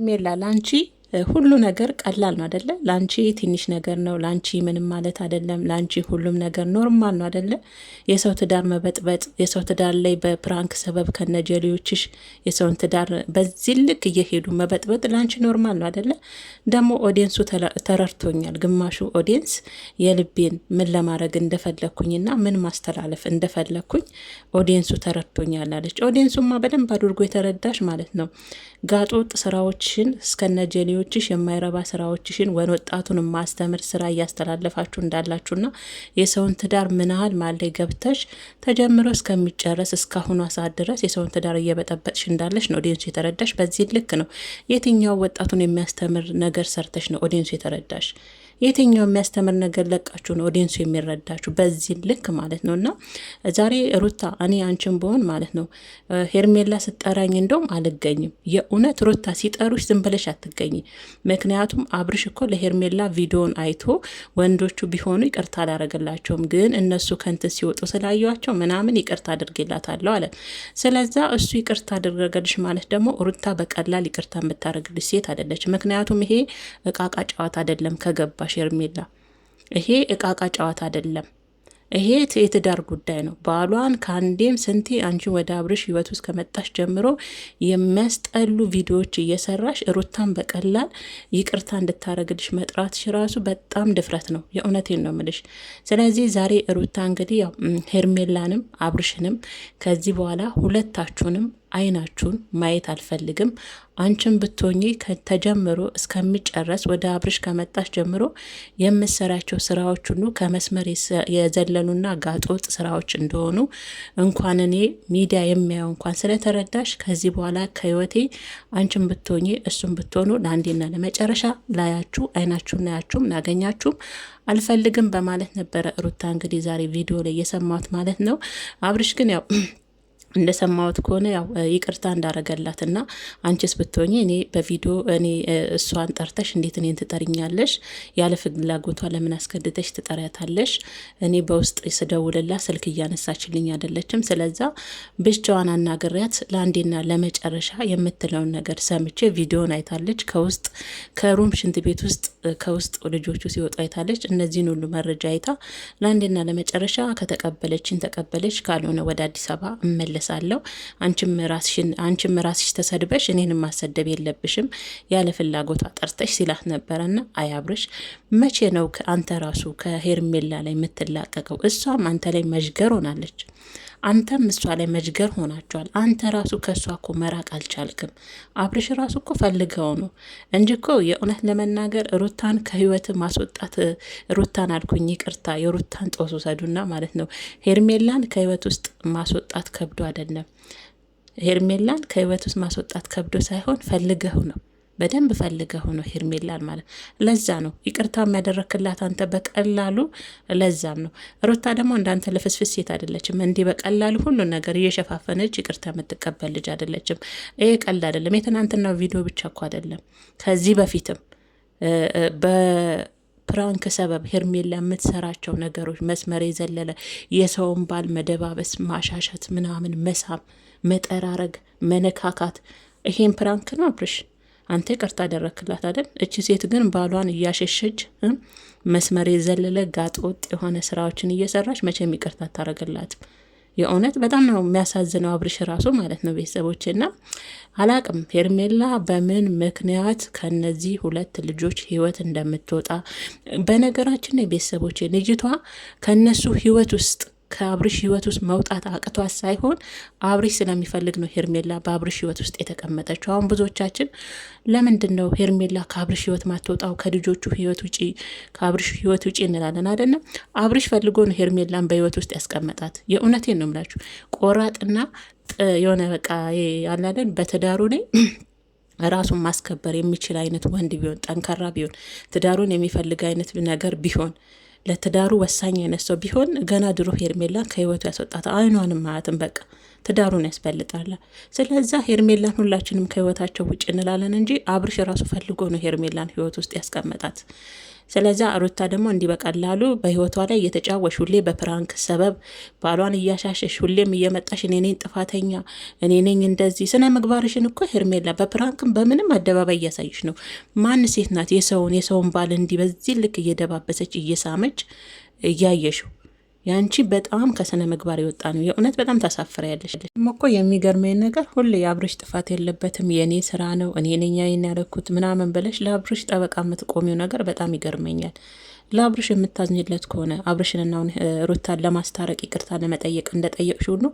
Merla ሁሉ ነገር ቀላል ነው አደለ? ለአንቺ ትንሽ ነገር ነው፣ ለአንቺ ምንም ማለት አደለም፣ ለአንቺ ሁሉም ነገር ኖርማል ነው አደለ? የሰው ትዳር መበጥበጥ፣ የሰው ትዳር ላይ በፕራንክ ሰበብ ከነጀሌዎችሽ የሰውን ትዳር በዚህ ልክ እየሄዱ መበጥበጥ ለአንቺ ኖርማል ነው አደለ? ደግሞ ኦዲየንሱ ተረድቶኛል። ግማሹ ኦዲየንስ የልቤን ምን ለማድረግ እንደፈለግኩኝና ምን ማስተላለፍ እንደፈለግኩኝ ኦዲየንሱ ተረድቶኛል አለች። ኦዲየንሱማ በደንብ አድርጎ የተረዳሽ ማለት ነው። ጋጦጥ ስራዎችን እስከነጀሌ ጓደኞችሽ የማይረባ ስራዎችሽን ወን ወጣቱን ማስተምር ስራ እያስተላለፋችሁ እንዳላችሁና የሰውን ትዳር ምናህል ማለ ገብተሽ ተጀምሮ እስከሚጨረስ እስካሁኗ ሰዓት ድረስ የሰውን ትዳር እየበጠበጥሽ እንዳለሽ ነው ኦዲንሱ የተረዳሽ። በዚህ ልክ ነው የትኛው ወጣቱን የሚያስተምር ነገር ሰርተሽ ነው ኦዲንሱ የተረዳሽ። የትኛው የሚያስተምር ነገር ለቃችሁ ነው ኦዲየንሱ የሚረዳችሁ በዚህ ልክ ማለት ነው። እና ዛሬ ሩታ እኔ አንቺን በሆን ማለት ነው ሄርሜላ ስጠራኝ እንደውም አልገኝም። የእውነት ሩታ ሲጠሩሽ ዝም ብለሽ አትገኝ። ምክንያቱም አብርሽ እኮ ለሄርሜላ ቪዲዮን አይቶ ወንዶቹ ቢሆኑ ይቅርታ አላረገላቸውም፣ ግን እነሱ ከንትን ሲወጡ ስላየዋቸው ምናምን ይቅርታ አድርጌላታለሁ አለ። ስለዛ እሱ ይቅርታ አድርገልሽ ማለት ደግሞ ሩታ በቀላል ይቅርታ የምታደረግልሽ ሴት አይደለች። ምክንያቱም ይሄ እቃቃ ጨዋታ አይደለም ከገባ ሄርሜላ። ይሄ እቃቃ ጨዋታ አይደለም። ይሄ የትዳር ጉዳይ ነው። ባሏን ከአንዴም ስንቴ አንቺ ወደ አብርሽ ህይወት ውስጥ ከመጣሽ ጀምሮ የሚያስጠሉ ቪዲዮዎች እየሰራሽ ሩታን በቀላል ይቅርታ እንድታረግልሽ መጥራትሽ ራሱ በጣም ድፍረት ነው። የእውነቴን ነው ምልሽ። ስለዚህ ዛሬ ሩታ እንግዲህ ያው ሄርሜላንም አብርሽንም ከዚህ በኋላ ሁለታችሁንም አይናችሁን ማየት አልፈልግም። አንቺን ብትሆኚ ተጀምሮ እስከሚጨረስ ወደ አብርሽ ከመጣሽ ጀምሮ የምሰራቸው ስራዎች ሁሉ ከመስመር የዘለሉና ጋጦጥ ስራዎች እንደሆኑ እንኳን እኔ ሚዲያ የሚያየው እንኳን ስለተረዳሽ ከዚህ በኋላ ከህይወቴ አንቺን ብትሆኚ እሱን ብትሆኑ ለአንዴና ለመጨረሻ ላያችሁ አይናችሁን ላያችሁም ላገኛችሁም አልፈልግም በማለት ነበረ ሩታ እንግዲህ ዛሬ ቪዲዮ ላይ የሰማሁት ማለት ነው። አብርሽ ግን ያው እንደሰማሁት ከሆነ ያው ይቅርታ እንዳረገላት እና አንቺስ ብትሆኝ እኔ በቪዲዮ እኔ እሷን ጠርተሽ እንዴት እኔን ትጠርኛለሽ? ያለ ፍላጎቷ ለምን አስገድደሽ ትጠሪያታለሽ? እኔ በውስጥ ስደውልላ ስልክ እያነሳችልኝ አይደለችም። ስለዛ ብቻዋን አናግሪያት ለአንዴና ለመጨረሻ የምትለውን ነገር ሰምቼ ቪዲዮን አይታለች። ከውስጥ ከሩም ሽንት ቤት ውስጥ ከውስጥ ልጆቹ ሲወጡ አይታለች። እነዚህን ሁሉ መረጃ አይታ ለአንዴና ለመጨረሻ ከተቀበለችን ተቀበለች፣ ካልሆነ ወደ አዲስ አበባ እመለስ እመለሳለሁ። አንቺም ራስሽ ተሰድበሽ እኔን ማሰደብ የለብሽም ያለ ፍላጎት አጠርተሽ ሲላት ነበረና አያብርሽ መቼ ነው አንተ ራሱ ከሄርሜላ ላይ የምትላቀቀው? እሷም አንተ ላይ መዥገር ሆናለች። አንተም እሷ ላይ መጅገር ሆናችኋል። አንተ ራሱ ከእሷ እኮ መራቅ አልቻልክም። አብርሽ ራሱ እኮ ፈልገው ነው እንጂ እኮ የእውነት ለመናገር ሩታን ከህይወት ማስወጣት ሩታን አልኩኝ፣ ይቅርታ የሩታን ጦስ ውሰዱና ማለት ነው ሄርሜላን ከህይወት ውስጥ ማስወጣት ከብዶ አይደለም። ሄርሜላን ከህይወት ውስጥ ማስወጣት ከብዶ ሳይሆን ፈልገው ነው በደንብ ፈልገ ሆኖ ሄርሜላን ማለት ለዛ ነው ይቅርታ የሚያደረክላት አንተ በቀላሉ ለዛም ነው። ሩታ ደግሞ እንዳንተ ልፍስፍስ ሴት አይደለችም። እንዲህ በቀላሉ ሁሉን ነገር እየሸፋፈነች ይቅርታ የምትቀበል ልጅ አይደለችም። ይሄ ቀልድ አይደለም። የትናንትናው ቪዲዮ ብቻ እኮ አይደለም። ከዚህ በፊትም ፕራንክ ሰበብ ሄርሜላ የምትሰራቸው ነገሮች መስመር የዘለለ የሰውን ባል መደባበስ፣ ማሻሸት፣ ምናምን መሳም፣ መጠራረግ፣ መነካካት ይሄን ፕራንክ ነው አብርሽ አንተ ይቅርታ አደረክላት አይደል? እቺ ሴት ግን ባሏን እያሸሸች መስመር የዘለለ ጋጥ ወጥ የሆነ ስራዎችን እየሰራች መቼም ይቅርታ አታረግላትም። የእውነት በጣም ነው የሚያሳዝነው። አብርሽ ራሱ ማለት ነው ቤተሰቦች ና አላቅም ሄርሜላ በምን ምክንያት ከነዚህ ሁለት ልጆች ህይወት እንደምትወጣ በነገራችን ቤተሰቦች ልጅቷ ከነሱ ህይወት ውስጥ ከአብርሽ ህይወት ውስጥ መውጣት አቅቷት ሳይሆን አብርሽ ስለሚፈልግ ነው ሄርሜላ በአብርሽ ህይወት ውስጥ የተቀመጠችው። አሁን ብዙዎቻችን ለምንድን ነው ሄርሜላ ከአብርሽ ህይወት ማትወጣው ከልጆቹ ህይወት ውጪ ከአብርሽ ህይወት ውጪ እንላለን አይደለም። አብርሽ ፈልጎ ነው ሄርሜላን በህይወት ውስጥ ያስቀመጣት። የእውነቴን ነው የምላችሁ ቆራጥና የሆነ በቃ ያላለን በትዳሩ ላይ ራሱን ማስከበር የሚችል አይነት ወንድ ቢሆን ጠንካራ ቢሆን ትዳሩን የሚፈልግ አይነት ነገር ቢሆን ለትዳሩ ወሳኝ አይነት ሰው ቢሆን ገና ድሮ ሄርሜላ ከህይወቱ ያስወጣት አይኗንም ማለትም በቃ ትዳሩን ያስበልጣል። ስለዛ ሄርሜላን ሁላችንም ከህይወታቸው ውጭ እንላለን እንጂ አብርሽ ራሱ ፈልጎ ነው ሄርሜላን ህይወት ውስጥ ያስቀመጣት። ስለዛ ሩታ ደግሞ በቀላሉ በህይወቷ ላይ እየተጫወሽ ሁሌ በፕራንክ ሰበብ ባሏን እያሻሸሽ ሁሌም እየመጣሽ እኔ ነኝ ጥፋተኛ እኔ ነኝ እንደዚህ። ስነ ምግባርሽን እኮ ሄርሜላ በፕራንክም በምንም አደባባይ እያሳየሽ ነው። ማን ሴት ናት የሰውን የሰውን ባል እንዲህ በዚህ ልክ እየደባበሰች እየሳመች እያየሽው ያንቺ በጣም ከስነ ምግባር የወጣ ነው። የእውነት በጣም ታሳፍሪያለሽ። እኮ የሚገርመኝ ነገር ሁሉ የአብርሽ ጥፋት የለበትም የእኔ ስራ ነው እኔ ነኝ ያደረኩት ምናምን ብለሽ ለአብርሽ ጠበቃ የምትቆሚው ነገር በጣም ይገርመኛል። ለአብርሽ የምታዝኝለት ከሆነ አብርሽንና አሁን ሩታን ለማስታረቅ ይቅርታ ለመጠየቅ እንደጠየቅሽ ሁሉ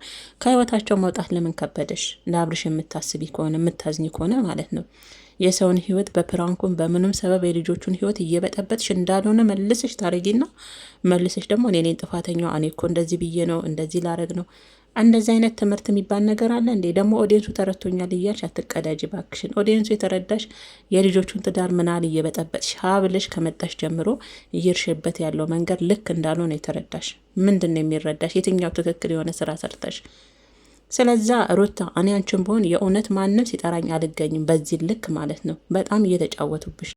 ከህይወታቸው መውጣት ለምን ከበደሽ? ለአብርሽ የምታስቢ ከሆነ የምታዝኝ ከሆነ ማለት ነው የሰውን ህይወት በፕራንኩን በምንም ሰበብ የልጆቹን ህይወት እየበጠበጥሽ እንዳልሆነ መልሰሽ ታረጊና መልሰሽ ደግሞ እኔ እኔን ጥፋተኛዋ እኔ እኮ እንደዚህ ብዬ ነው እንደዚህ ላረግ ነው እንደዚህ አይነት ትምህርት የሚባል ነገር አለ እንዴ? ደግሞ ኦዲየንሱ ተረድቶኛል እያልሽ አትቀዳጅ ባክሽን። ኦዲየንሱ የተረዳሽ የልጆቹን ትዳር ምናል እየበጠበጥሽ ሀ ከመጣሽ ጀምሮ እየርሽበት ያለው መንገድ ልክ እንዳልሆነ የተረዳሽ። ምንድን ነው የሚረዳሽ? የትኛው ትክክል የሆነ ስራ ሰርተሽ ስለዛ ሩታ እኔ አንቺን በሆን የእውነት ማንም ሲጠራኝ አልገኝም። በዚህ ልክ ማለት ነው። በጣም እየተጫወቱብሽ